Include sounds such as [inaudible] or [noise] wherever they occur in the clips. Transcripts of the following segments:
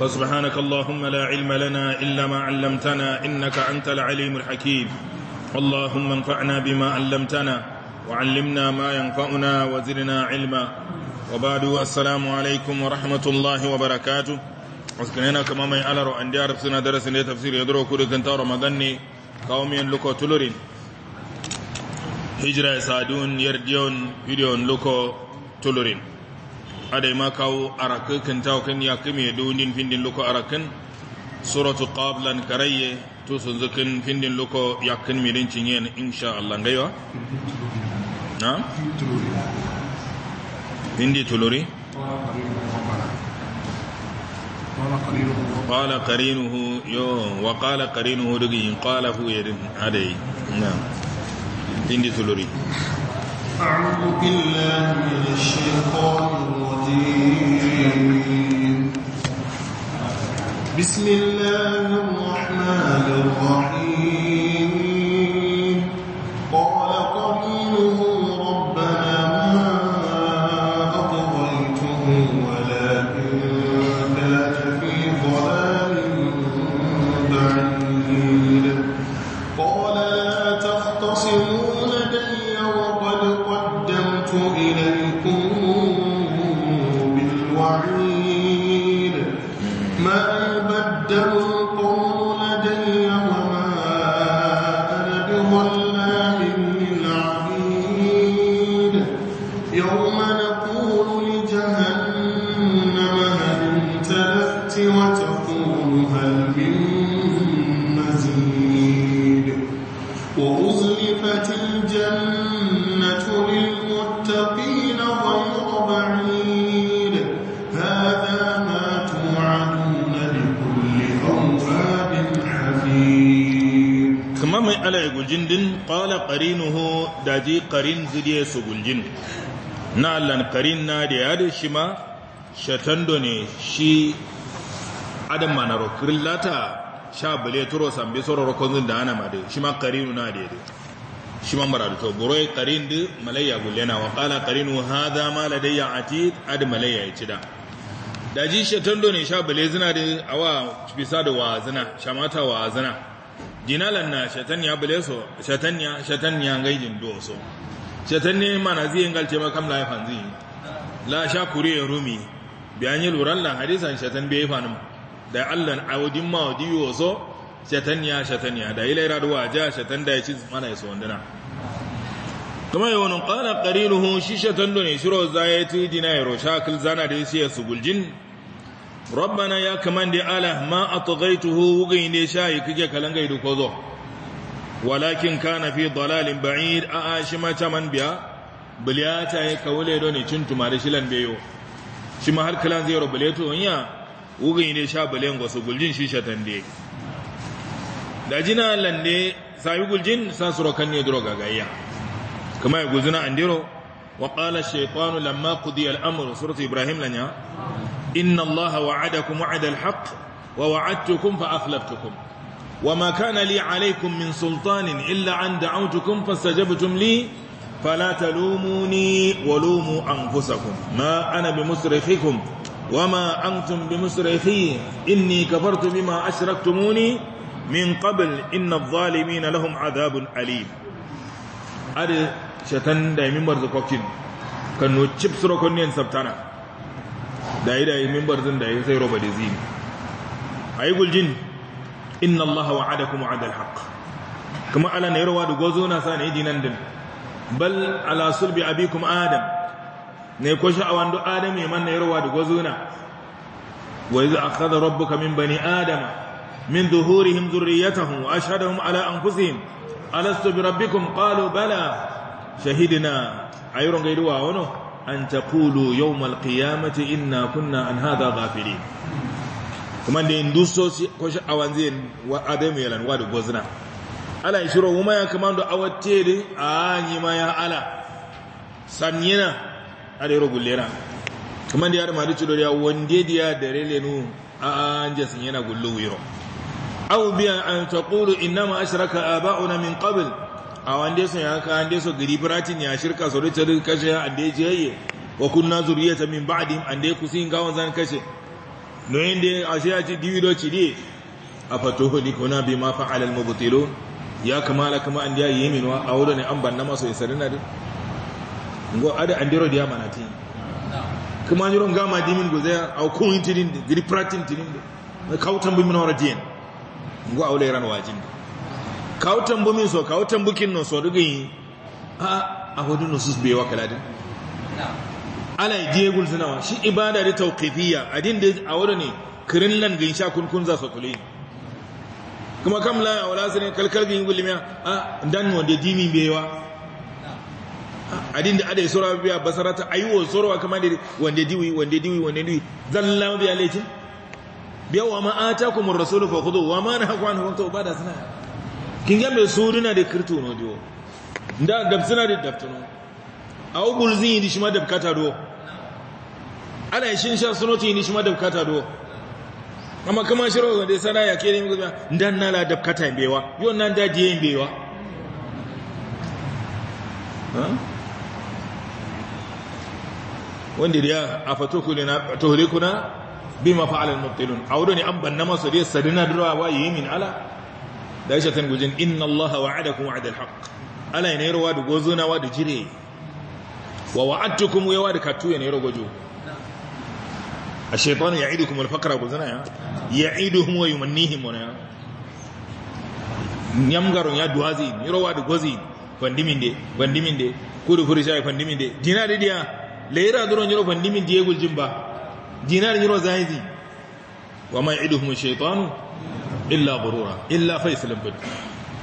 وسبحانك اللهم لا علم لنا إلا ما علمتنا إنك أنت العليم الحكيم اللهم انفعنا بما علمتنا وعلمنا ما ينفعنا وزرنا علما وبعد السلام عليكم ورحمة الله وبركاته wasu kama mai alar an da arab suna darasin da tafsir ya duro kudu kan tawar magan ne kawo miyan luko tulurin hijira sadun yardiyon yudiyon tulurin adai ma kawo arakai kan tawo kan ya kame donin findin loko arakan suratu qablan karaye to sun zukin findin loko ya kan mirin cinye insha Allah gaiwa na hindi tuluri qala qarinuhu yo wa qala qarinuhu dugi qala hu yadin adai na indi tuluri a'udhu billahi zidiye su guljin na lankarin na da yadda shi ma shatando ne shi adam mana rokirin lata sha bale turo sambe rokon kwanzun da ana da shi ma karinu na da yadda shi ma mara to buroi karin da malayya gullena wa kala karinu ha ma ladayya ati ad malayya ya ci da da ji shatando ne sha bale zina da awa bisa da wa zina shamata wa zina dinalan na shatanya bale so shatanya shatanya gaijin do so ne mana zai yin galce makam la yafan zai la sha kuri ya rumi biyan yi luran la hadisan cetan bai fanin da allan awudin ma yi waso cetan ya cetan ya da yi ilai raduwa ja cetan da ya ci mana ya suwandana kuma yi wani ƙara ƙarinuhu shi cetan da ne shiro za ya ti dina ya rosha kil zana da ya siya su guljin rabbana ya kaman ala ma a tagaituhu wugai ne sha yi kike kalangai da kwazo walakin kana fi dalalin ba'id a shi ma caman biya ta yi kawule do ne cin tumare shilan beyo shi ma har kalan zai rubule to ya ugin ne sha bulen gosu guljin shi shatan de da jina lande sayi guljin sa suro kan ne duro gagayya kuma ya guzuna andiro wa qala shaytanu lamma qudiya al-amru suratu ibrahim lanya inna allaha wa'adakum wa'ada al-haqq wa wa'adtukum fa akhlaftukum وما كان لي عليكم من سلطان إلا أن دعوتكم فاستجبتم لي فلا تلوموني ولوموا أنفسكم ما أنا بمسرخكم وما أنتم بمسرخي إني كفرت بما أشركتموني من قبل إن الظالمين لهم عذاب أليم أدي شتن دايمين برزقوكين كانوا تشبسروا كنين سبتانا داي دايمين برزن داي سيرو بدزين أيقول جن inna allaha wa'adakum wa'ada alhaq kuma ala ne rawa da gozo na sa ne dinan din bal ala sulbi abikum adam ne ko sha awando adam ya man ne rawa da gozo na wa idza akhadha rabbuka min bani adama min zuhurihim dhurriyyatahum wa ashhadahum ala anfusihim alastu bi rabbikum qalu bala shahidna ayron gair'uwa wono an taqulu yawm alqiyamati inna kunna an hadha ghafirin kuma da induso si ko shi awan zai wa adamu yalan wa da ala ala shiro kuma ya kama da awa tere a ni ma ya ala sanyina ala ro gullera kuma da ya yar madu cidori ya wande dia da rele nu a anja sanyina gullu wiro abu bi an taqulu inma a aba'una min a wande so ya ka ande so gari bratin ya shirka an da ya kashe ande wa kunna ta min an da ande yin gawon zan kashe noyinde ashiyati diwido cidi afatuhdi kuna bima fa'ala al-mubtilun ya kamala kama an yayi wa? awdo ne an banna maso isarina de ngo ada andiro dia manati kuma ron gama dimin goze aw ko tinin da giri pratin da na kautan bu minora dien ngo awle ran wajin kautan bumin so kautan bukin no so dugi a a hodu nusus be wakala din ala diegul zinawa shi ibada da tawqifiyya adin da a wurin ne kirin lan gin sha kunkun za su kule kuma kam la ya wala sani kalkal gin gulmiya a dan wanda dimi bewa adin da adai sura biya basarata wa surwa kama da wanda diwi wanda diwi wanda diwi zalla biya laitin biya wa ma kuma rasulu fa kudu wa ma nahaku anhu fa tawbada sana kin ga me suruna da kirtu no dio nda da dabtuno au bulzin shima dabkata do shin ishinsha sunoti inishima dabkata do kuma shi shiro de sana ya kere na ndan nala dabkata mbewa yo nan da je mbewa wanda da a fatokulina tohlikuna bima fa'ala al-mubtilun awdo ni amban nama so de sadina durwa wa yimin ala da shi tan gujin inna allaha wa'adakum wa'd al haq ala ne ruwa da gozuna wa da jire wa wa'adtukum wa wa'd katu ne rogojo الشيطان يعيدكم الفقر أقول زنا يعيدهم ويمنيهم ونا يمغرون يا دوازي يروا دوازين فاندمين دي فاندمين دي كودو فرشاي فاندمين دي دينار دي ليرا درون يروا فاندمين دي يقول جنبا دينار يروا زايدي وما يعيدهم الشيطان الا غرورا إلا فيسلم بد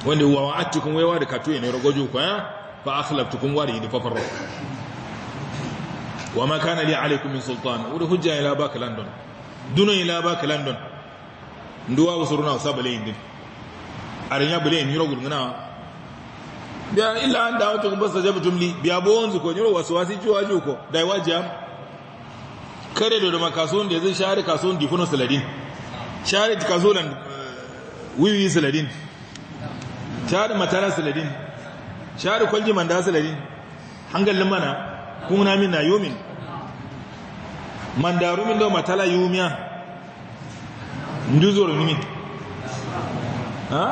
وأن وعدتكم ويواد كاتوي نيرو أتوين يرغجوك فاخلفتكم واري ففروا wa ma kana li alaikum min sultan wa hujja ila baka london duno ila baka london nduwa usuruna usabale indi arinya bale rogul gulngana biya illa an da'awtu basa jabu tumli biya bonzu ko nyiro waswasi juwa juko dai wajam kare da dama kasuwan da zai share kasuwan difuno saladin share kasuwan eh, wiwi saladin share matara saladin share kwalji manda saladin hangal mana kuna min na yomin mandaru min do matala ndu zoro nimi ha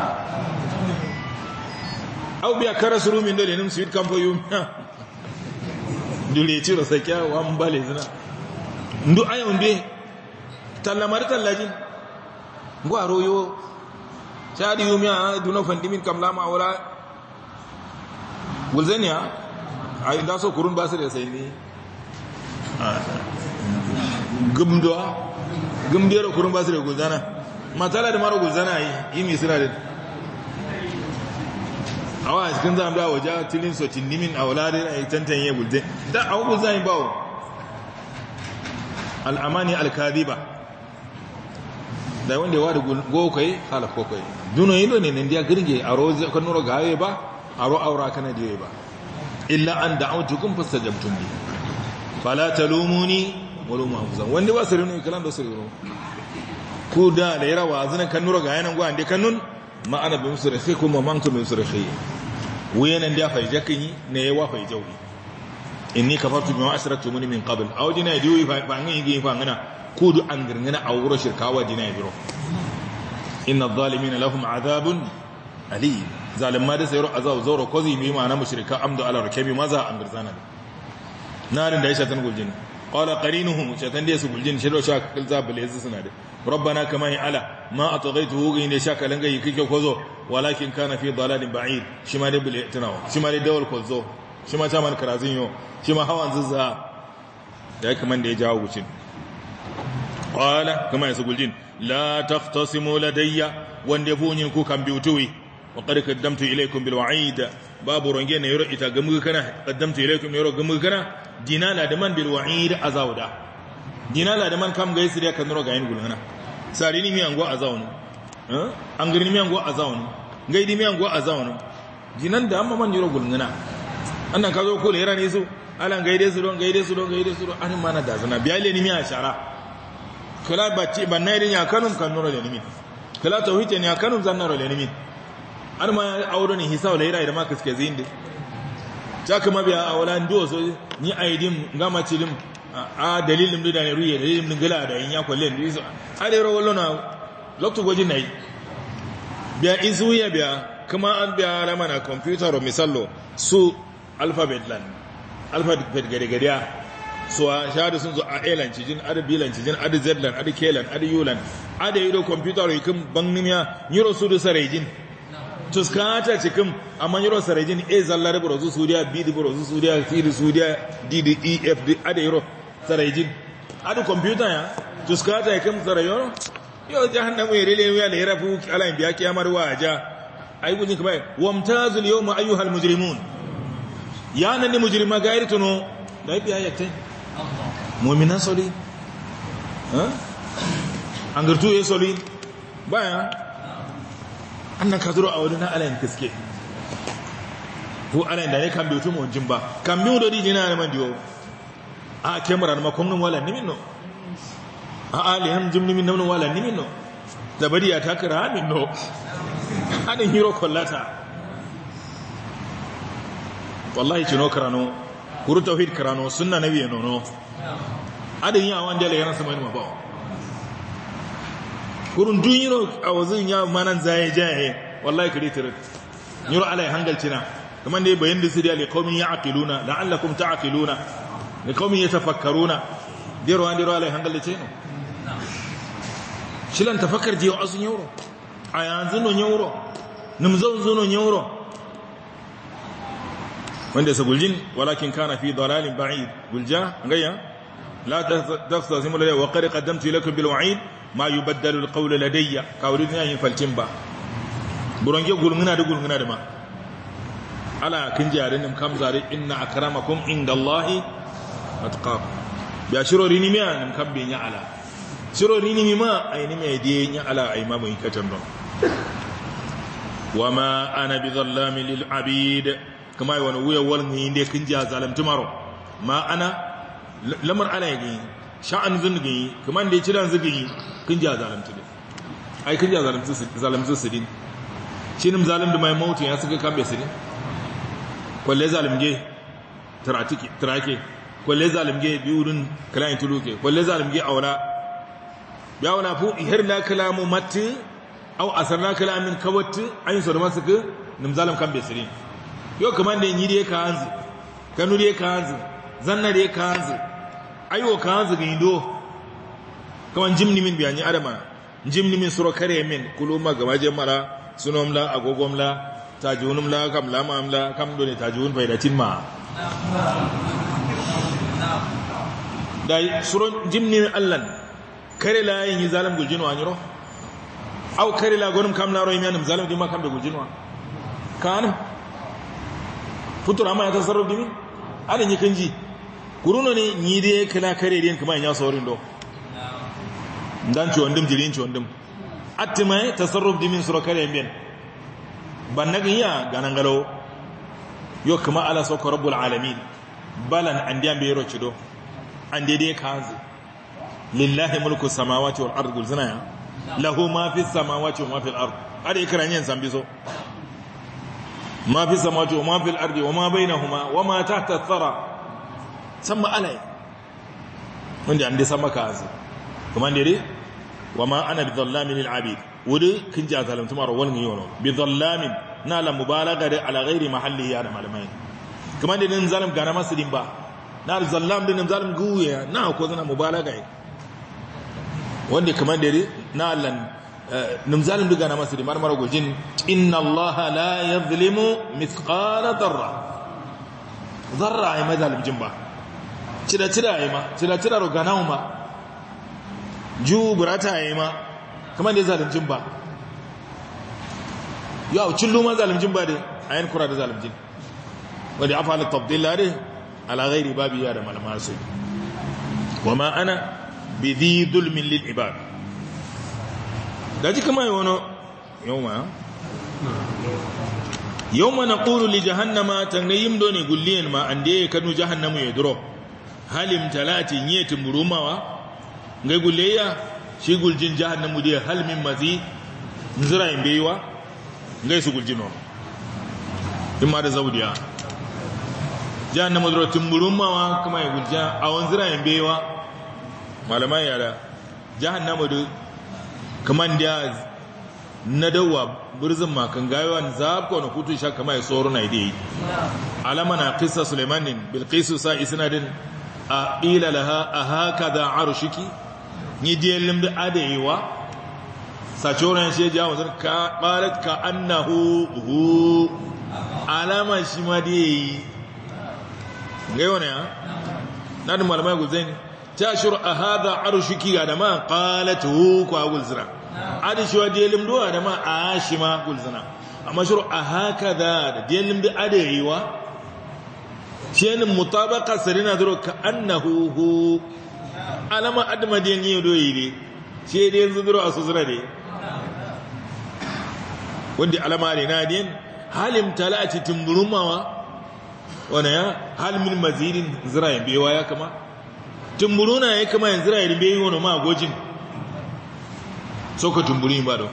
au biya karasuru min do le nim suit kampo yumia dule ci rasa kya wa mbale zina ndu ayo ndi tallamari tallaji ngwa royo sadi fandi duna fandimin kamlama wala wulzania ai da so kurun basire sai ni gumdowa gumdiyar kurin ba su da guzana matala da mara guzana yi yi mai suna da awa a cikin zama da waje tilin sochin nimin a wulare a yi tantanye bulten da a hukun zai wa al'amani ba da wanda yawa da gokwai halakokwai dunan yi ne nan da girge a rozi kanuro ga haye ba a ro aura kana da ba illa an fasa fastajabtum li fala talumuni walumu hafizan wanda ba su rinu kalan da su rinu ku da da yara wa zinan kannura ga yanan gwa da kannun ma'ana bi musu rafi kuma mantu bi musu rafi wayanan da fa jakin yi ne ya wafa jawi inni kafartu bima asraktu muni min qabl aw dina diwi fa ngin yi fa ngana ku du an girngana aw wuro shirkawa dina biro inna adh-dhalimina lahum adhabun alim zalimma da sayro azab zawro kozi bi ma'ana mushrika amdu ala rakabi maza an girzana narin da ya shatan guljini qala qarinuhum shaytan da su buljin shi da sha kal za bale suna da rabbana kama in ala ma atghaytuhu in da sha kalan ga yake kozo walakin kana fi dalalin ba'id shi ma da bale tunawa shi ma da dawal kozo shi ma taman karazin yo shi ma hawan zuzza da kaman da ya jawo gucin qala kama su buljin la taftasimu ladayya wanda bunyin ku kan biutuwi wa qad qaddamtu ilaykum bil wa'id babu ronge na yoro ita gamu kana qaddamtu ilaykum yoro gamu kana dinala da man bil wa'id azawda dinala da man kam ga yisriya kan ro ga yin gulana sari ni mi ango eh an gari ni mi ango azawni ngai di mi ango azawni dinan da amma man yoro gulana annan ka zo ko le rani su alan gaide su don gaide su don gaide su ron an mana da zana biyale ni mi a shara kala batti banna irin yakanum kan ro le mi kala tauhid ne yakanum zan ro le mi an ma auren hisa wala yana da maka suke zinde ja kuma biya a wala ndo so ni ga gama cilim a dalilin da ne ruye dalilin yin gala da yin ya kwalle ni a da rawo lona lokto goji nai biya izu ya biya kuma an biya alama na computer misallo su alphabet lan alphabet gare gare so a shahada sun zo a elan cijin ada bilan cijin ada zlan ada kelan ada yulan ada yiro computer yikin bangnimiya yiro su da jin. tuskata cikin a manyan sarajin a zallar burazu suriya b da burazu suriya c da suriya d da e f da a da ro sarajin adu kwamfuta ya tuskata ya kan sarayon yau jihar hannun mai rile wuya da ya rafi alayin biya kiyamar wa aja? ja a yi gujin kamar wamta zuli yau ma'ayu hal mujirimun ya nan da mujirima ga yari tuno da ya biya yakta mominan soli an gartu ya soli bayan annan ka zuro a wani na alayin fiske ko alayin da ne kan biyu tumo jin ba kan biyu dodi jina na man diyo a kemara na makonin wala nimin no a alihan jim nimin naunin wala nimin no da bari ya taka amin no hannun [laughs] hero kwallata wallahi cino karano kuru tawhid karano sunna na biya nono adin yawon jale yana sama yin mabawa kurun dun yiro a wazin ya manan zaye jaye wallahi kare tirin yiro alai hangalcina kamar da bayan da siriya li qaumin ya'qiluna la'allakum ta'qiluna li qaumin yatafakkaruna diro an diro alai hangalcina shilan tafakkar jiyo asun yiro a yanzu no yiro numzon zuno yiro wanda sa guljin walakin kana fi dalalin ba'id gulja ngaya la tafsasimu lahu wa qad qaddamtu lakum bil wa'id ma yubaddalu alqawlu ladayya kawri tana yin faltin ba buronge gulnguna da gulnguna da ma ala kin jarin nim kam zare inna akramakum indallahi atqakum ya shiro rini mi an kam bin ya ala shiro rini mi ma ai ni mai diye ya ala ai ma mun katan don wama ana bi bidhallami lil abid kuma ai wani wuya walngi inde kin ja zalamtumaro ma ana lamar ala ya yake sha'an zungi kuma da ya ciran kun ji a zalimtu ne ai kun ji a zalimtu su din shi nim zalim da mai mautu ya suka kambe su ne Kwallai zalimge taratiki kwallai kwalle zalimge biurin kalayin tuluke kwallai zalimge wula ya wana fu na kalamu mati au na kalamin kawatu an masu ka nim zalim kambe su ne yau kuma da yi da ya ka hanzu kanu da ya ka hanzu zanna da ya ka hanzu ayo kanzu zigin do kawan jimni min biyani adama jimni min suro kare min kuluma gaba jemara sunomla agogomla tajunumla kam lama amla kam do ne tajun faidatin ma da suro jimni allan kare la yin zalim gujinwa nyiro au kare la gonum kam laro yimianum zalim ma kam be gujinwa kan futura ma ya tasarruf dimi adan yikan kanji kuruno ne ni dai kana kare din kuma nya saurin do dan ci wandum jirin ci wandum attima tasarruf di min sura kare min bannaga ya ganan galo yo kuma ala sauka rabbul alamin balan andiyan be roci do ande dai kanzu lillahi mulku samawati wal ardi gulzana ya lahu ma fi samawati wa ma fil ardi ma fi yan wa ما في السماوات وما في الأرض huma. Wa ma ta الثرى san ma'ana yi wanda an dai san maka azu kuma dai wa ma ana bi dhallamin lil abid wuri kin ja zalim tumar wal ngi wono bi dhallamin na la mubalaga da ala ghairi mahalli ya da malamai kuma dai nan zalim gana masu din ba na al zallam din zalim guya na ko zana mubalaga yi wanda kuma dai na lan eh, nimzalin duga gana masu rimar mara gujin inna allaha la ya zulimu mithqala zarra zarra a yi mazalimjin ba cidatida ya ma cidatida ro ganawu ma ju burata ya ma kamar da zalimcin ba yau cin luman zalimcin ba a ayin kura da zalimcin wadda afa ala tabdilla da ala ghairi babi ya da malama su wa ma ana bi dulmin lil ibad da ji kamar wani yau ma yau ma na ƙuru li jahannama tangayin doni gulliyan ma an da ya kanu jahannamu ya duro halim talati nye tumurumawa ngai guleya shi guljin jahannamu dia hal min mazi nzira imbewa ngai su guljino imma da zaudiya jahannamu dro tumurumawa kuma ya gulja a wanzira imbewa malaman yara jahannamu da kaman dia na dawa birzin makan gaiwa na ku wani kutun sha kama ya tsoro na idai alama na kisa suleimanin bilkisu sa isnadin a ila laha a haka da arushiki ni diyallin da adayewa sacoran shi ya wasan ka ɓarat ka annahu hu alama shi ma da ya yi gaiwa ne ha na da malamai guzai ta shiru a haza arushiki ga dama ma ƙalat hu kwa gulzira adishiwa diyallin duwa da ma a shi ma gulzina amma shiru a haka da diyallin da adayewa shenin mutabaka sarina zuro ka annahu hu alama yi admadiyan yodo yidi shede yanzu duro asusra ne wanda alama ne na tala a cikin burumawa wane ya halin mazirin zira zirayin bewa ya kama tumburuna ya kama yin zirayin yi wani ma gojin so ka ba don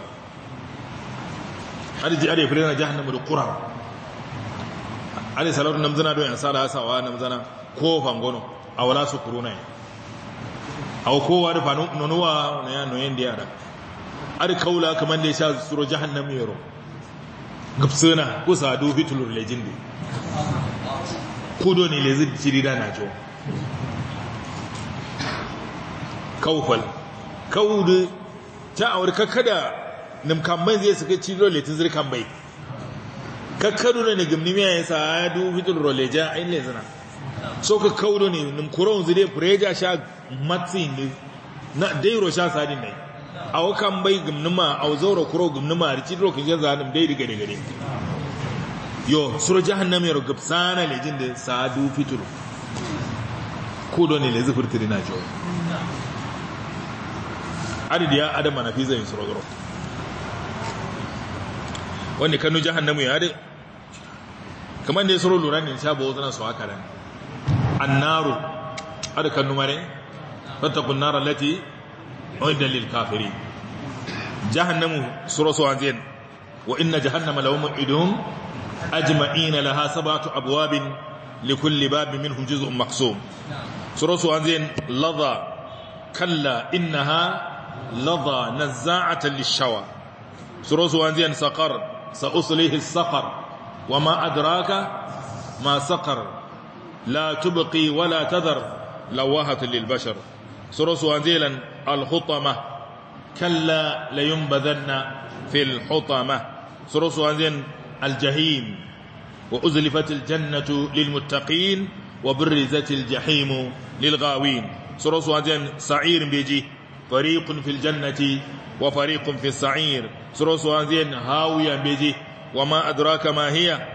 har ji are fure na jahannama da kurawa ali salatu namzana do yan sala sawa namzana ko fangono awala su kuruna aw ko wa da fanu nonuwa ne ya noyen da yara ar kaula kaman da sha suro jahannam yaro gabsana kusa do lejin lejind kudo ne lezi da na jo kawfal kawdu ta awar kakkada nimkan bai zai suka ciro letin zirkan bai kakkaru ne gimni miya ya sa sadu fitul roleja ayin le zana so ka kaudo ne nin kuron zide fureja sha matsi ne na dairo sha sadin ne a wakan bai gimni ma a zauro kuro gimni ma rici dro kin jaza nan dai diga diga yo sur jahannam yar gabsana le jin da sadu fitul kudo ne le zufurtiri na jo adadi ya adama na fi zai surogoro Wani kanu jahannamu ya dai kamar da ya soro lura ne sha bawo tana su haka nan annaru arkan numare fattakun nara lati uidda lil kafiri jahannamu soro so anzin wa inna jahannama lahum idum ajma'ina laha sab'atu abwabin likulli babin minhum juz'un maqsum soro so anzin ladha kalla innaha ladha nazza'atan lish-shawa soro so anzin saqar sa'uslihi saƙar. وما أدراك ما سقر لا تبقي ولا تذر لوهة للبشر سرس وانزيلا الحطمة كلا لينبذن في الحطمة سرس وانزيلا الجحيم وأزلفت الجنة للمتقين وبرزت الجحيم للغاوين سرس وانزيلا سعير بيجي فريق في الجنة وفريق في السعير سرس وانزيلا هاوية بيجي wa ma adraka mahiya? hiya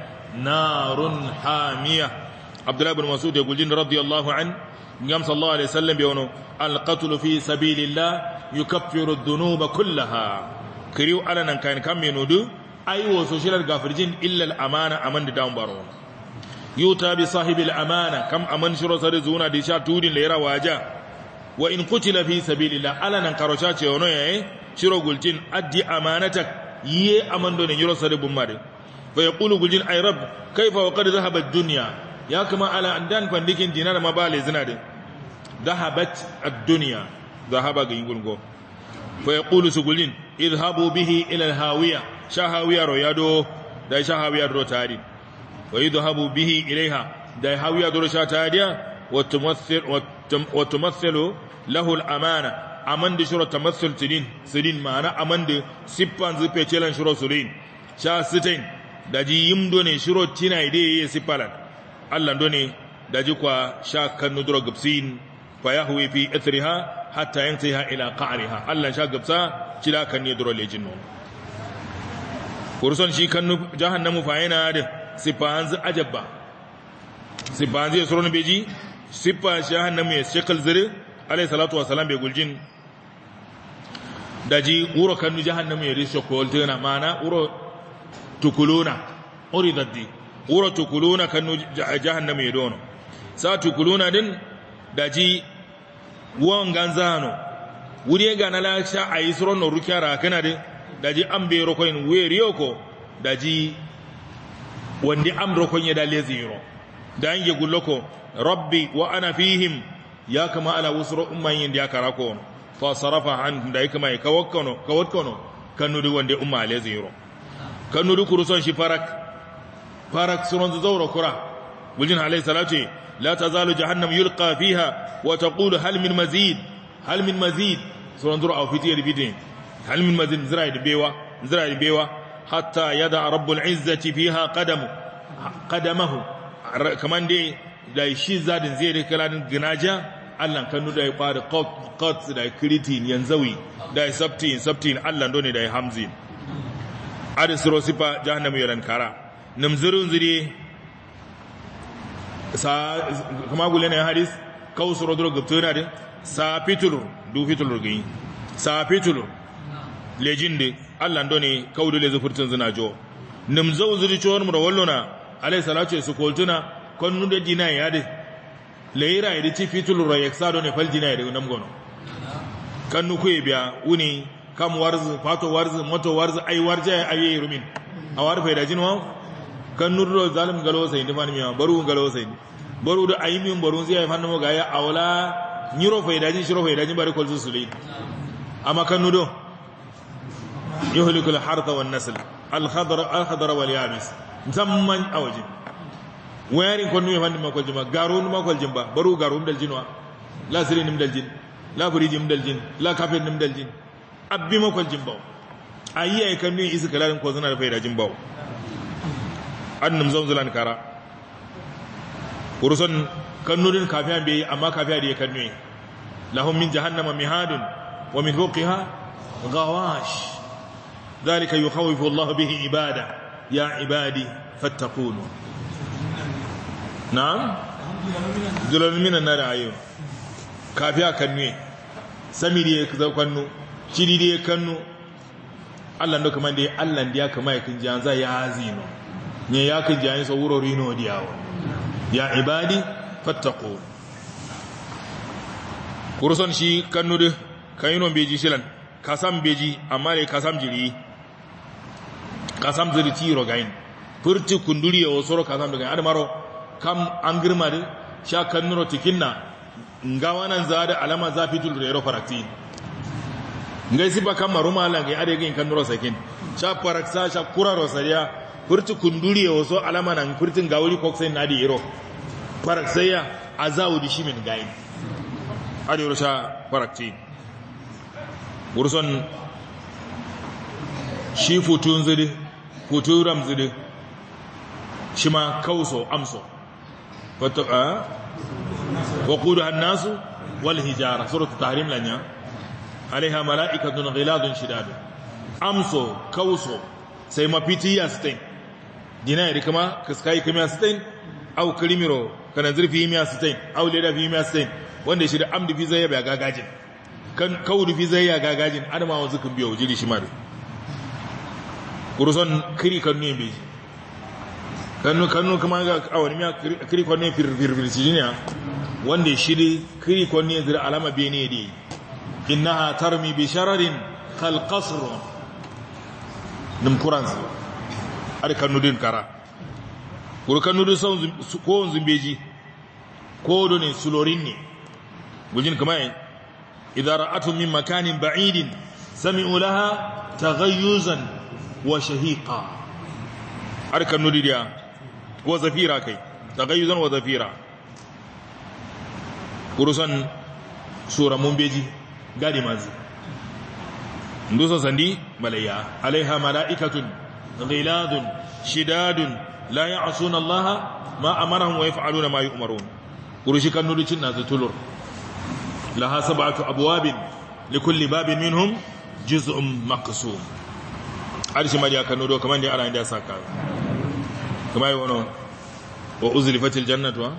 narun hamiya abdullah ibn masud ya gulin radiyallahu an ngam sallallahu alaihi wasallam bi wono al qatl fi sabilillah yukaffiru dhunuba kullaha kiriu ala nan kan kan menudu ai wo so shirar gafirjin illa al amana aman da dawon baro yuta bi sahibi amana kam aman shiro sare zuna da sha tudin lera waja wa in qutila fi sabilillah ala nan karocha ce wono yayi eh, shiro gulcin addi amanatak ye amando ne yoro sare bum mare fa yaqulu gujin ay rab kayfa wa qad ad dunya ya kama ala andan pandikin dinara mabale zinade dhahabat ad-dunya dhahaba ga yingul go fa yaqulu sugulin idhabu bihi ila al-hawiya shahawiya ro yado dai shahawiya ro tari wa idhabu bihi ilaiha dai hawiya ro sha tariya wa tumathil wa tumathilu lahu al-amana amande shiro tamassul sinin sinin ma'ana da siffan zufe celan shiro sulin sha sitin da ji yim dole shiro tina ide yi siffalan Allah done da ji kwa sha kan nudura gabsin fa ya huwe fi ha hatta yantaha ila ha Allah sha gabsa cila kan ne dura lejin non kurson shi kanu jahannamu fa yana da siffan zu ajabba sifan zai surun beji siffa hannun ya shekal zuri alayhi salatu wasalam bai guljin daji wuro kannu jahannamu yeri sokkoltena mana wuro tukuluna uridaddi wuro tukuluna kanu jahannamu yedono sa tukuluna din daji won ganzano wuri ga na sha ayi suron no rukyara kana din daji an ro koyin weri yoko daji wandi am rokon ya dale zero dan ye gulloko rabbi wa ana fihim ya kama ala wusro umman yin da ya karako fa sarafa an da ya ya yake mai kawakkono kawakkono kanudu wande umma ale zero kanudu son shi farak farak suron zaura kura buljin alai salati la tazalu jahannam yulqa fiha wata taqulu hal min mazid hal min mazid suron zura afiti ribidin hal min mazid zira yadda bewa zira da bewa hatta yada rabbul izzati fiha qadamu qadamahu kamar dai da shi zadin zai da gina ginaja allan kan da ya fara kots da ya kiritin yanzawi da ya sabtin sabtin allan doni da ya hamzin adi suro sifa jahannamu yaran kara namzirin zire kuma gule ya hadis kawo siro duro gabto yana da sa fitulur du fitulur gani sa fitulur lejin da allan doni kawo dole zufurtun zina jo namzau ziri ciwon mu da alai salatu su koltuna kwannu da dina ya yadda. leira idi ti fitul rayaksado ne faljina idi namgono kannu ku biya uni kam warz fato warz moto warz ai warja ayi rumin awar fayda jinwa kannu ro zalim galo sai ndi man miya baru galo sai baru da ayi min baru zai fannu ga ya awla nyiro fayda jin shiro fayda jin bari kol zusulin amma kannu do yuhlikul harta wan nasl al khadra al khadra wal yabis zamman awjin wayarin kon nume fandi makol jima garo nu makol jimba baru garo daljin wa? la siri nim daljin, la furiji mdal jin la kafir nim dal jin abbi makol jimba ayi ay kan nuyi isi kalarin ko zana da faida jimba annum zamzulan kara kuruson kan nudin kafiya bai amma kafiya da ya kan nuyi lahum min jahannama mihadun wa min fawqiha ghawash ذلك يخوف الله به عباده يا عبادي فاتقونه na? zulalun minan na rayu kafi a kannu ya sami da ya kwannu ciri da ya kannu allan da kuma da ya allan da ya kama ya kan jihan za ya zino ne ya kan jihan sa wurori no da yawa ya ibadi fattako kurson shi kannu da kayinon beji shilan kasam beji amma da kasam jiri kasam ziri tiro gain furti kunduri ya wasu kasam da gain adamaro kam an girma da sha kan nuro tikin na ga wannan za da alama za fitul rero farakti ngai si ba kan maruma lan ga ade gin kan nuro sakin sha faraksa sha kura rosariya furti kunduri e ya waso alama nan furtin gawuri koksen na di iro faraksaya azawu di shimin gayin ade ro sha farakti urson shi futun zidi futuram zidi shima kauso amso Fattoka wa kudu hannasu wani hijara surutu tarin lanya alaihamala ikatun rila dun shi dadi. Amso kauso sai ma fitiyan sɗin dinaye kama kiskayi kam ya au kɛlimi ro kananzir fiye miya au leda fiye miya sɗin wande shi am dufi zai yaba yagagajin kaudu fizayya yagagajin adama wanzu kumbiyo jiri shi ma dui kiri kan nuyi. kannu kannu kuma ga awani miya kiri kwanne firfirfir si ne wanda shiri kiri kwanne zira alama bene ne innaha tarmi bi shararin kal qasr nim kuran su ar kannu din kara kur kannu din son ko zumbeji ko do ne sulorin ne gujin kuma idza ra'atu min makanin ba'idin sami'u laha taghayyuzan wa shahiqa ar kannu da. wa zafira kai tagayyuzan wa zafira kurusan sura mun beji gadi manzu ndusan sandi malayya alaiha mala'ikatun ghiladun shidadun la ya'suna allaha ma amarahum wa yaf'aluna ma yu'marun kurushi kan nuducin nasu tulur laha sab'atu abwabin likulli babin minhum juz'un maqsum arshi mariya kan nudo kamar da ana inda saka kama yi wani wa uzlifatil jannatu wa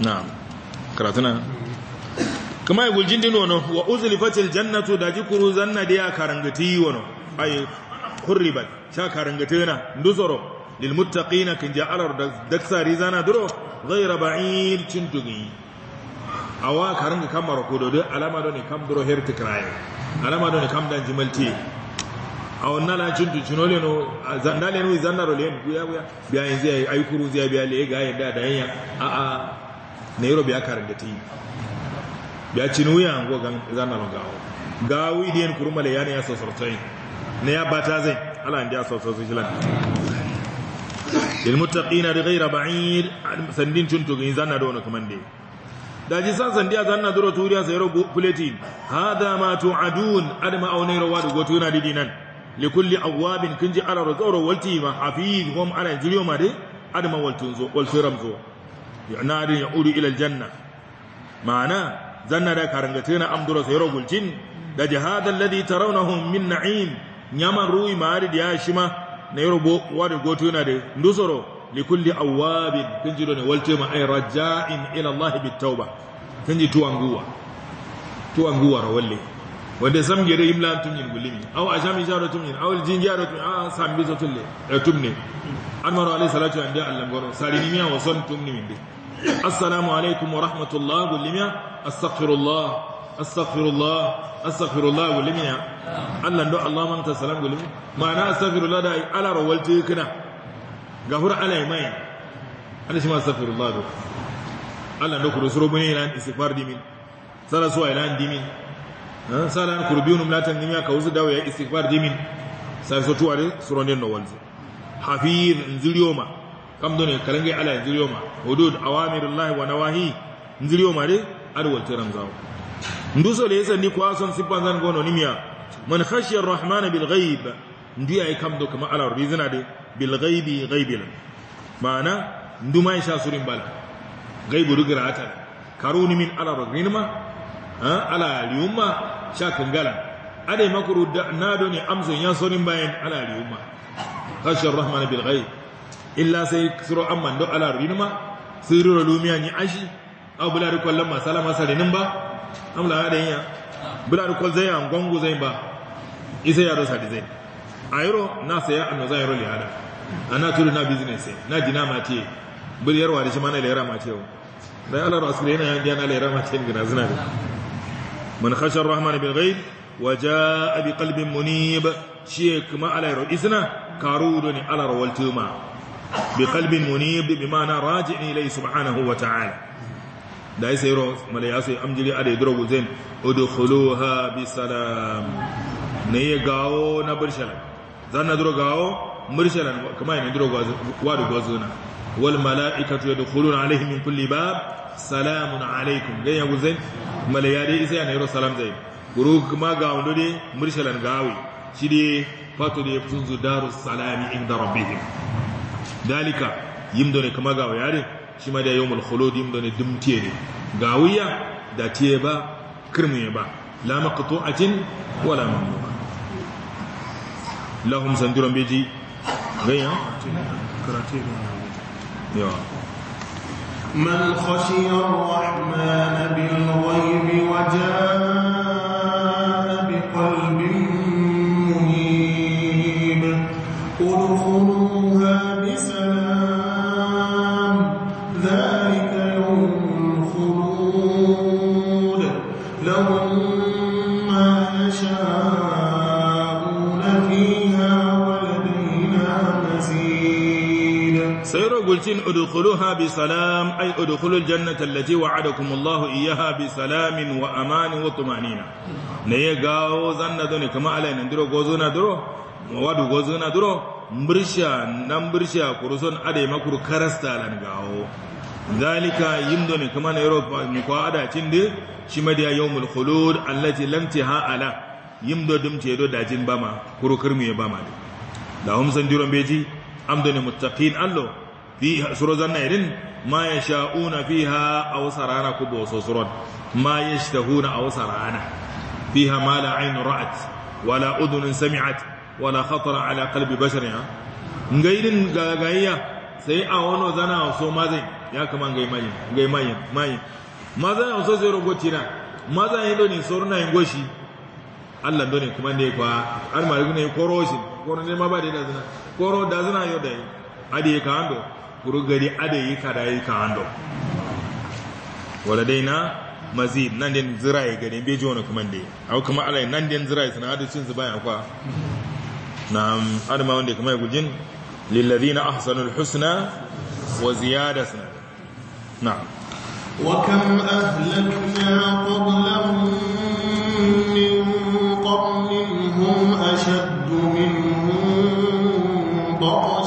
na karatuna kama yi guljin dino no wa uzlifatil jannatu da ji kuru zanna da ya karangati wani ayi hurribat sha karangati na nduzoro lil muttaqina kin ja'alar daksari zana duro ghayra cin dugi awa karanga kamar ko do alama don ne kam duro herti kraye alama don ne kam dan jimalti awon nala chintu chinole no zandale no izandaro le buya buya biya inzi ayi kuru ziya biya le ga yanda da yanya a a biya karin da ti biya chinuya ango gan zandaro gawo gawi idiyen kuruma le yana ya sosortai ne ya bata zai ala ndiya sosortai shilan lil muttaqina bi ghayri ba'id sandin chintu gin zanna do no kamande daji san sandiya zanna duro turiya sayro platin hada ma tu'adun adma aw nairo wadu gotuna didinan Likulli kulli awabin kun ji ala razawra walti ma hafiz hum ala jiriyo ma dai adama waltun zo wal firam zo yunadi yaudu ila aljanna ma'ana zanna da karangatena amdura sayro gulcin da jihad alladhi tarawnahum min na'im nyaman ruwi mari da shima na yorbo wadi gotuna da ndusoro li kulli awabin kun ji ne walti ma ay raja'in ila allah bit tauba kun ji tuwanguwa tuwanguwa rawalle wadda sam gere imla tum yin gulimi aw asham isharu tum yin aw aljin jaru tum a sam bi zatul le tum ne anmaru alayhi salatu wa sallam goro sarini miya wa sam tum ne min assalamu alaikum wa rahmatullah gulimiya astaghfirullah astaghfirullah astaghfirullah gulimiya Allah do Allah man ta salam gulimi ma'ana astaghfirullah da ala rawalti kana gafur alai e mai ana shi ma astaghfirullah do Allah do kuru suru bune ila istighfar dimin sara suwa ila dimin salan kurbiyunum la tanmiya ya wuzu dawo ya istighfar jimin sai so tuware suronin no wanzu hafiz nziriyoma kam done kalange ala nziriyoma hudud awamirullahi wa nawahi nziriyoma re alwal tiramzawo nduso le yesa ni kwa son sipan zan gono nimiya man khashiya arrahman bil ghaib ndiya ay kam do kama ala rizna de bil ghaibi ghaibila mana nduma isha surin bal ghaibu rugrata karuni min ala rugrina ala liyumma sha kangala ade makuru da nado ne amsun yan sonin bayan ala liyumma khashar rahman bil ghaib illa sai suru amman do ala rinuma sirru lumiya ni ashi aw bula ri kollan masala masarinin ba amla ada yin bula ri kol zai an gongo zai ba isa yaro sa dizai ayro na sai an zai ro liyada ana turu na business na dinamati bul yarwa da shi mana lera mate da alar asire na yan yana lera mate gina zina da من خشى الرحمن بالغيب وجاء بقلب منيب شيك ما على رؤيسنا كارودني على رولتما بقلب منيب بمعنى راجعني إليه سبحانه وتعالى لا سيرو ملي اسي امجلي ادي دروغو زين ادخلوها بسلام ني غاو نبرشل زان درو غاو مرشل كما ني يعني درو غاز والملائكه يدخلون عليه من كل باب سلام عليكم ليا غزين malayade isa yana yaro salam zai guru kuma ga wando ne murshalan gawi shi ne fato da ya fi tunzu daru salami inda rabbihim dalika yimdo ne kuma gawa yare shi ma da yau mulkhulud yimdo ne dumtiye ne gawiya da tiye ba kirmiye ba la maqtu'atin wala mamnu'a lahum sanduran beji ganyan karatu yawa من خشي الرحمن بالغيب وجاء kawai gulcin udkhuluha bi salam ay udkhulul jannata allati wa'adakumullahu iyyaha bi salamin wa amanin wa tumanina ne ya gawo zanna dole kama alai nan duro gozo na duro wadu gozo na duro mbirsha nan mbirsha kuruson ade makur karasta lan gawo zalika yimdo ne kama na europe ne kwa ada cin de shi madiya yawmul khulud allati lam tiha ala yimdo dum te do dajin bama kurukar mu ya bama da hum san diron beji amdone muttaqin allo fi surozan na irin ma ya sha'una fi ha a wasa rana ku ba wasu suron ma ya huna a wasa rana fi ha ma la ainihin ra'at wala udunin sami'at wala khatara ala kalbi bashar ya irin gagayya sai a wani zana so mazai ya kama ngai mayin ngai mayin mayin mazan so sai rogoti na mazan ya doni so runa yin goshi Allah doni kuma ne kwa har ma yi koro shi koro ne ma ba da zina koro da zina yau da yi adi ka hando gurugari adayi ka da yi ka hando dai na mazid nan zira zirai gani ji wani kuma ne au kuma alai nan den zirai suna hadu cin zuba kwa, na adama wanda kuma ya gujin na ahsanul husna wa ziyada suna na وكم أهلكنا قبلهم من قرن هم أشد منهم ضرر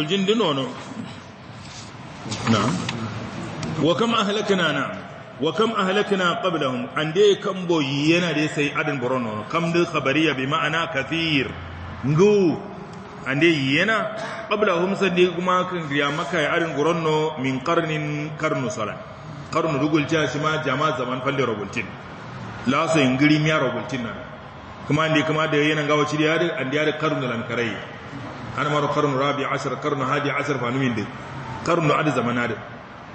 buljindi nono na'am wa kam ahlakna na wa kam ahlakna qablahum ande kambo yana da sai adin borono kam da ya bi ma'ana kathir ngu ande yana qablahum sadi kuma kan riya maka ya adan borono min qarnin qarnu sala qarnu rugul ja shi ma jama zaman falle rugultin la sai ngiri miya rugultin na kuma ande kuma da yana gawo ciri da ande ya da qarnu lankarai har maro karnu rabi ashar karnu hadi ashar fanumin dai karnu adi zamana dai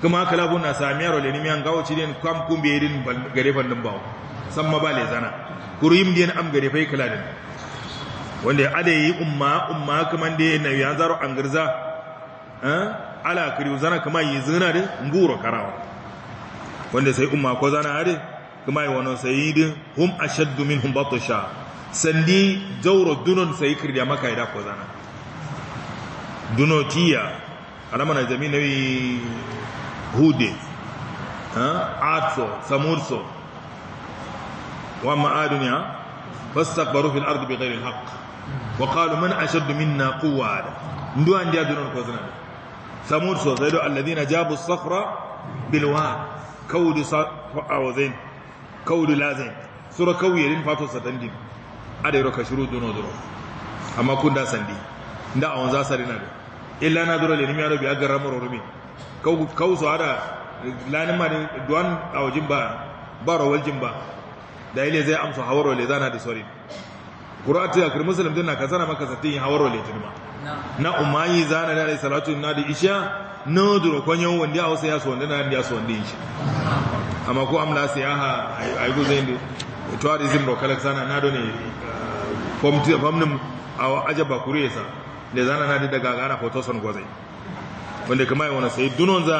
kuma haka labun na sami yaro leni an gawo ci den kam kumbe yedin gare fandin bawo san ma ba le zana kurim den am gare fai kala da wanda ade yi umma umma kaman da na ya zaro an garza eh? ala kiri zana kuma yi zina dai nguro karawa wanda sai umma ko zana hade kuma yi wano sai din hum ashaddu minhum batsha sandi jawru dunun sai kirya maka ida ko zana dunotia alama na jamii na hude ha atso samurso wama adunya fastakbaru fil ardi haqq wa qalu man اشد minna quwwa ndu ndio dunon ko zana samurso zaido alladhina jabu as-sakhra bil wa kawdu sa'awzain kawdu lazain sura kawiye din fato satandi ada kashuru duno duno amma kun da sandi nda awon sarina do illa nadura li nimya rabbi agarra marurumi kau kau su hada lanin mani duwan a wajin ba ba waljin jin ba da ile zai amsa hawar wale zana da sori qur'atu ya kar musulun din na ka sana maka satin hawar wale tun ma na umayi zana da alai salatu na da isha na duro kwanyo wanda ya hausa ya so wanda na ya so wanda isha amma ko amla siyaha ai guzai ne da ro kalak sana na do ne eh, fomnin a ajaba kuresa le zana na daga gana hoto son gozai wanda kuma yana sai dunon za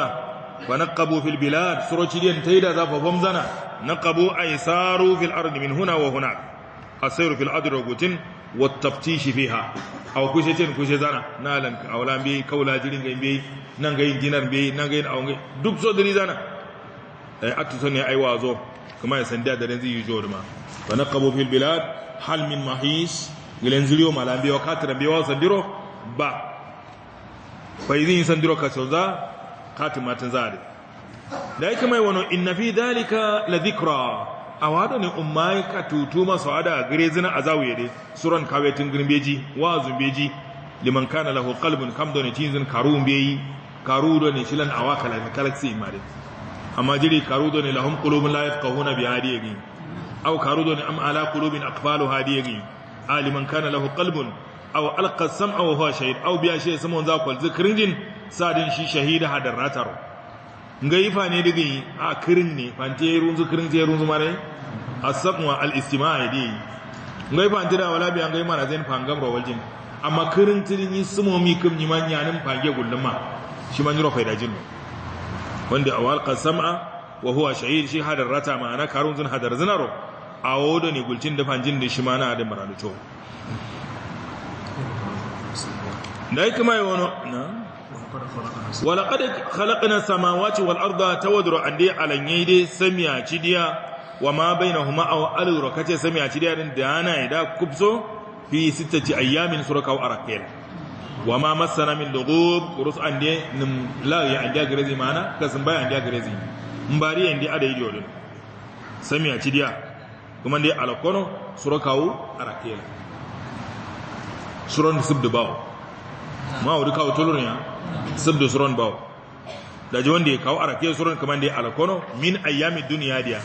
wa naqabu fil bilad suroci din taida za fa bom zana naqabu aisaru fil ardi min huna wa hunak asairu fil adri rugutin wa taftishi fiha aw kushe tin kushe zana na lan awlan bi kaula jirin ga bi nan ga yin dinar bi nan ga yin duk so diri zana ai eh, atu sonne ai wazo kuma ya sanda da ran zai yi jorma wa naqabu fil bilad hal min mahis gilen ziliyo malambi wa katran bi wa sadiro ba fa idhin sandiro ka sonza matan zade da yake mai wano inna fi dalika la dhikra awado ne ummai ka tutuma sawada gare zina azawiye de suran kawetin grimbeji wa zumbeji liman kana lahu qalbun kam doni tinzin karum beyi karu doni shilan awaka la galaxy imare amma jiri karu doni lahum qulubun la yafqahuna bi hadiyi aw karu doni am ala qulubin aqfalu A aliman kana lahu qalbun aw alqa sam'a wa huwa shahid aw biya shi samun za kwal zikrinjin sadin shi shahida hadar rataro Ngai fa ne digi a kirin ne fante runzu kirin te runzu asab wa al istima'i di nga yifa anti da wala biya nga yima na zain fangam jin amma kirin tirin yi sumomi kim ni man yanin fange gulluma shi man yiro faida jin wanda aw alqa sam'a wa huwa shahid shi hadar rata karun karunzun hadar zinaro awo wodo ne gulcin da fanjin da shi ma na da maranuto da yake mai wani walaƙad khalaqna samawati wal arda tawadru ande alanye dai samiya cidiya wa ma bainahuma aw alru kace samiya cidiya din da ana da kubso fi sittati ayamin suraka wa arakel wa ma masana min lughub rus ande nim la ya ande grezi mana kasan bai ande grezi mbari ande ada idio din samiya cidiya kuma dai alakono suraka wa arakel suron sibdu bawo ma wuri kawo tulurin ya sibdu suron bawo da ji wanda ya kawo arake suron kamar da ya alakono min ayyami duniya diya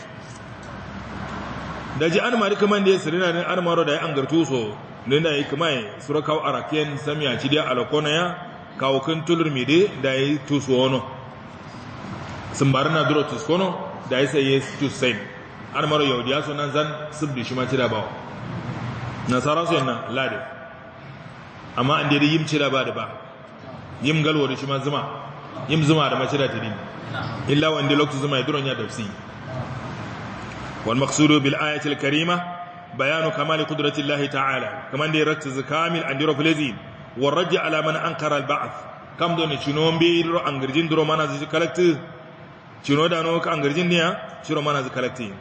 da ji an mari kamar da ya sirina ne an maro da ya an gartu so ne na yi kamar sura kawo araken samiya ci diya alakono ya kawo kan tulur dai da ya yi tuso wano sun bari na duro tuskono da ya sai ya tusain an maro yaudiya sunan zan sibdu shi ma ci da bawo nasara su yana ladin amma an daidai yim cira ba da ba yim galwa da shi ma zuma yim zuma da macira ta dini illa wanda lokacin zuma ya duron ya tafsi wal maqsudu bil ayati al karima bayanu kamal qudrati allah ta'ala kamar da yarat zakamil and yuro filizin war radd ala man ankara al ba'th kam do ne chino mbi ro angirjin duro mana zai kalakti chino da no ka angirjin ne ya ciro mana zai kalakti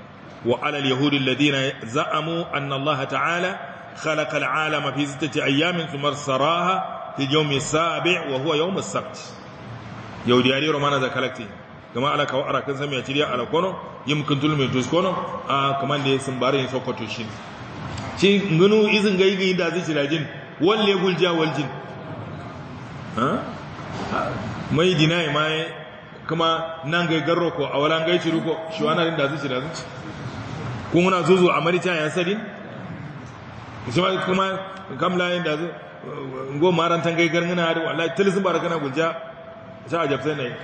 wa ala al yahudi alladhina za'amu anna ta'ala خلق العالم في ستة أيام ثم ارسراها في اليوم السابع وهو يوم السبت yau diyari romana da kalakti gama ala kawo arakan sami a ciriya ala kono yi mukin tulu mai tus kono a kamar da ya sun bari ya sokoto shi shi gano izin ga yi da zai cira walle guljiya waljin mai dina ya maye kuma nan gai garro ko a walan gai ciru ko shi wani da zai cira zai kun muna zuzu a marita yan sadin isma kuma kamla yin da go maran tangai garngana hadu wallahi ba da kana gujja sa a jafsai ne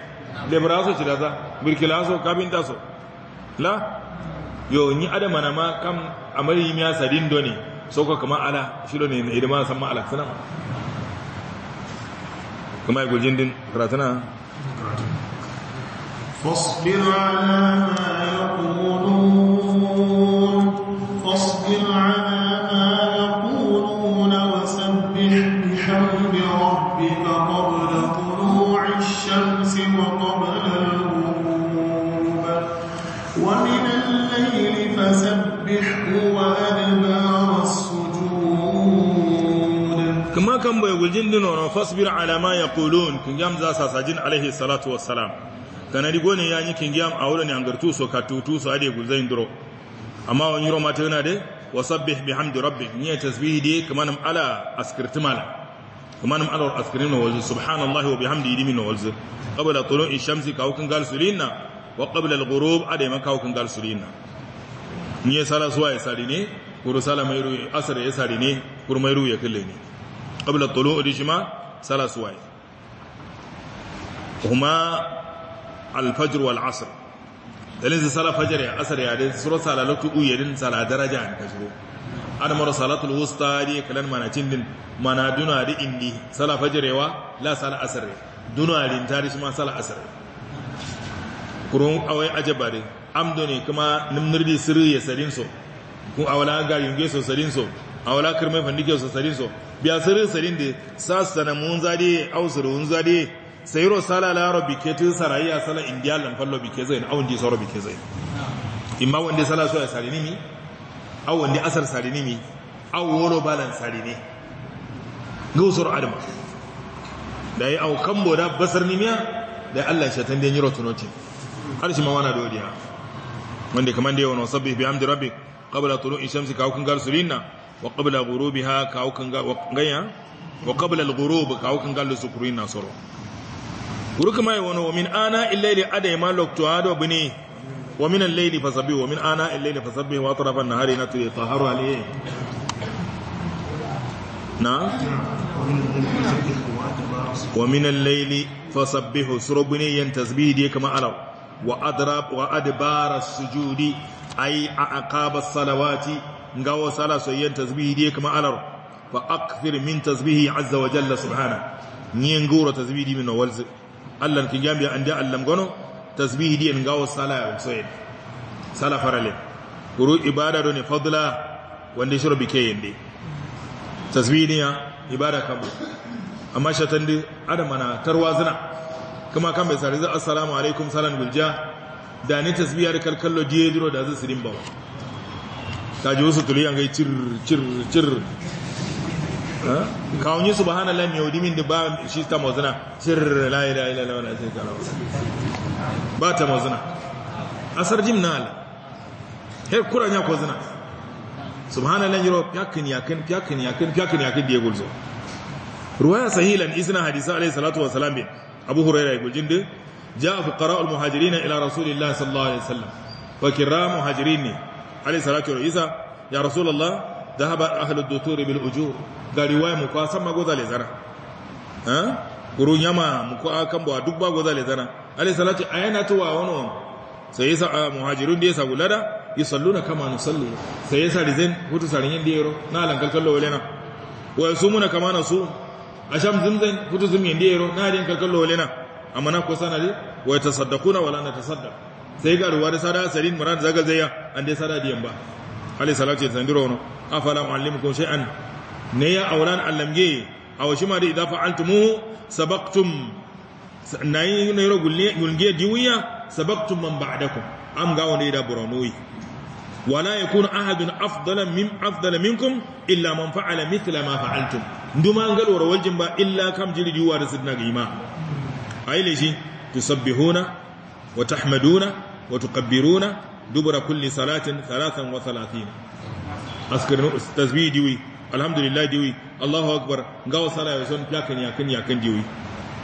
lebraso ci cira za birkilaso kabin taso la yo yi adama na ma kam amari miya sadin doni, sauka kama ala shiro ne idan ma san ma ala ma kuma yi gujin din karatuna fasbir ala ma yaqulun قبل طلوع الشمس وقبل الغروب ومن الليل فسبحه وأدبار السجود كما كان بيقول جندنا فاصبر على ما يقولون عليه الصلاة والسلام kana digo ne ya yi kingiyam a wurin yangartu so ka tutu so ade gulzain duro amma wani roma mata yana dai wasabbih bihamdi rabbik ni tasbihi de kamanam ala askirtimala kumanum alawar askirin na walzu subhanallahi wa bihamdi idimi na walzu qabla tulu'i shamsi ka hukun gal sulina wa qabla al-ghurub adai ka hukun gal sulina ni sala suwa ya sari ne kuru sala mai ruwa asar ya sari ne kuru mai ruwa ya kulle ne qabla tulu'i dishima sala suwa ya kuma al wal asr dalin sala fajr ya asar ya dai sura sala latu uyedin sala daraja an kashiro ana mara salatul wusta ya kalan manacin din mana duna di indi sala fajirewa la sala asare duna ta da shi ma sala asare kurun awai ajabare amdo ne kuma nimnirdi sirri ya sarin so kun awala ga yunge so sarin so awala kirmai fandike so sarin so biya sirri sarin da sa na zade ausuru mun zade sayiro sala la rabbi ke tun sarayya sala indiya lan fallo bi ke zain awun di so rabbi ke zai imma wanda sala so ya sarini aw wonde asar ne aw woro balan sarine gawsor adam da yi aw kambo da basar nimiya da Allah shaitan da yiro tunoti har shi ma wana dodiya wanda kamar da yawan wasabbi bi amdi rabbik qabla in shamsi ka hukun gar wa qabla gurubi ha hukun ga ganya wa qabla gurubi ghurub ka hukun sukurina soro guru kuma yawan min ana illa li adai ma lokto ado ومن الليل فسبه ومن آناء الليل فسبه وأطرف النهار نتري طهر عليه نعم ومن الليل فسبه سربني ينتسبيه دي كما علو وأدرب وأدبار السجود أي أعقاب الصلوات نقوى صلاة ينتسبيه دي كما علو فأكثر من تسبيه عز وجل سبحانه نين قورة تسبيه دي من والز الله نكي جامبيا أن جاء اللهم قنو tasbihi di en gawo sala o sala farale guru ibada do ne fadla wanda shiro bike yende tasbihi ni ibada kam amma shatan di adama na tarwazina kuma kan bai sare assalamu alaikum salan gulja da ni tasbiya da kalkallo diye diro da zai sirin bawa ta ji wasu tuliyan gai cir cir cir kawun yi subhanallah mai yaudimin da ba shi ta mazuna sirri la ilaha illallah wala shirka lahu ba ta mazuna asar jim na ala he kuran ya kozuna subhanallah yiro fiyakin yakin fiyakin yakin fiyakin yakin da ya gulzo ruwaya sahilan isna hadisa alayhi salatu wa salam bin abu hurairah ya guljin da ja fuqara al muhajirin ila rasulillah sallallahu alaihi wasallam wa kiram muhajirin alayhi salatu wa isa ya rasulullah ذهب أهل الدثور بالأجور ga riwaya mu kwa sama goza le zana ha guru yama mu kwa kan ba duk ba goza le zana alai salatu ayana tu wa wono sai sa muhajirun da sa gulada yusalluna kama nusalli sai sa rizin hutu sarin dai ro na lan kalkallo walena wa yusumuna kama nasu asham zimzan hutu zim dai ro na din kalkallo walena amma na ko sana dai wa tasaddaquna wala natasaddaq sai ga ruwa da sada sarin muran zaga zaya an dai sada diyan ba alai salatu ya sandiro no afala muallimukum shay'an ne ya aulan allamge aw shima da idza fa'altumu na yi ne ro gulge diwiya sabaqtum man ba'dakum am ga wanda da buranoi wala yakun ahadun afdala min afdala minkum illa man fa'ala mithla ma fa'altum nduma ngal wara waljin ba illa kam jiri diwa da sidna gima aile shi tusabbihuna wa tahmaduna wa tuqabbiruna dubura kulli salatin 33 askarin tasbih diwi alhamdulillah diwi allahu akbar ngawa sala ya son plakan ya kan ya kan diwi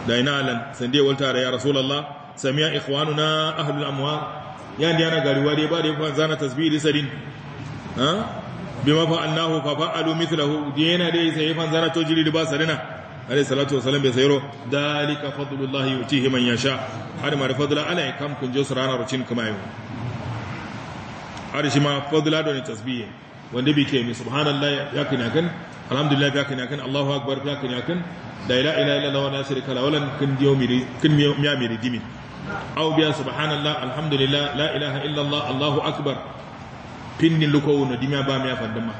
da ina alan sande walta da ya rasulullah sami'a ikhwanuna ahlul amwar ya ndi ana gariwa dai ba dai fa zana tasbih da sadin ha bima fa'alnahu fa fa'alu mithlahu Da yana dai sai fa zana to jiri da ba sadina alayhi salatu wasallam bai sayro dalika fadlullahi yutihi man yasha har ma fadla alai kam kun jo surana rucin kuma yau har shi ma fadla don tasbih wanda bai ce mai subhanallah ya kina kan alhamdulillah ya kina kan allahu akbar ya kina kan la ilaha illa allah wa la sharika lahu lan miya mi ridimi aw biya subhanallah alhamdulillah la ilaha illallah allahu akbar pinni luko no dimya ba miya fadama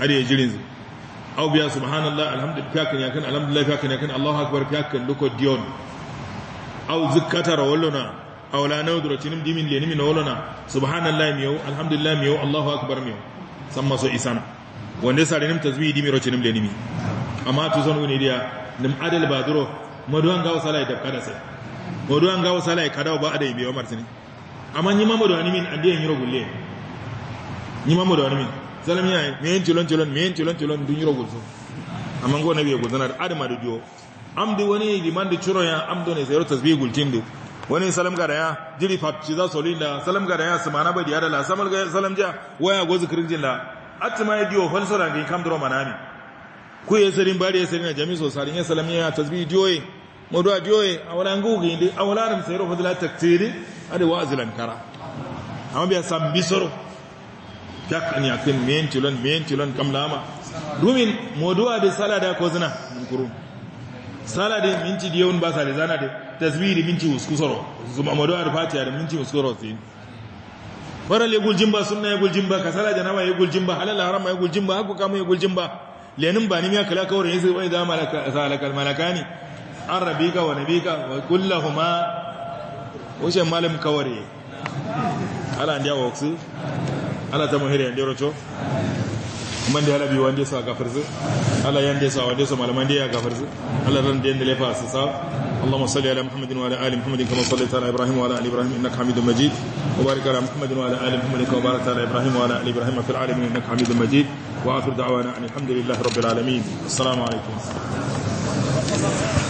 ade jirin aw biya subhanallah alhamdulillah ya kina kan alhamdulillah ya kina kan allahu akbar ya kan luko diyon aw zikkatara wallona awla nawdro tinim dimin lenimi min wolona subhanallahi miyo alhamdulillah miyo allahu akbar miyo samma so isana wonde sare nim dimi dimiro tinim lenimi amma to son woni dia nim adal baduro modu an gawo salai da kada sai modu an gawo salai kada ba adai biyo martini amma nyima modu animin ande nyiro gulle nyima modu animin salami ay men tilon tilon men tilon tilon nyiro gulso amma ngo nabi go zanar adama do jo amdi woni di mandi churo ya amdo ne zero tasbihi gultinde wani salam ga daya jiri fapci za su rinda salam ga daya su mana badi adala samal ga salam jiya waya gozu kirjin la atima ya diyo falsara ga kam dro ne. ku ye sirin bari ya sirin na jami so ya salam ya tasbi diyoyi tasbih diyoye modu diyoye awala ngu ga indi awala ram sayro fadla taktiri ade wa azlan kara amma biya sam bisoro yak ni kan men tilon men tilon kam lama rumin modu da salada ko zina kurun salade minti diyawun ba da zana de tasbiri minti uskusoro zumamado arfatiya da minti uskusoro sin faral ya guljin ba suna ya guljin ba kasala janaba ya guljin ba halal haram ya guljin ba haku kama ya guljin ba lenin ba ni ya kala kawarin yin sai wai da malaka salakal malakani an rabika wa ka wa kuma wushe malam kawari ala ndiya wa wasu ala ta muhiri ndiya rocho mande ala bi wande sa gafarzu ala yande sa wande sa malaman da ya gafarzu ala ran da yanda lefa su sa اللهم صل على محمد وعلى ال محمد كما صليت على ابراهيم وعلى ال ابراهيم انك حميد مجيد وبارك على محمد وعلى ال محمد كما باركت على ابراهيم وعلى ال ابراهيم في العالمين انك حميد مجيد واخر دعوانا ان الحمد لله رب العالمين السلام عليكم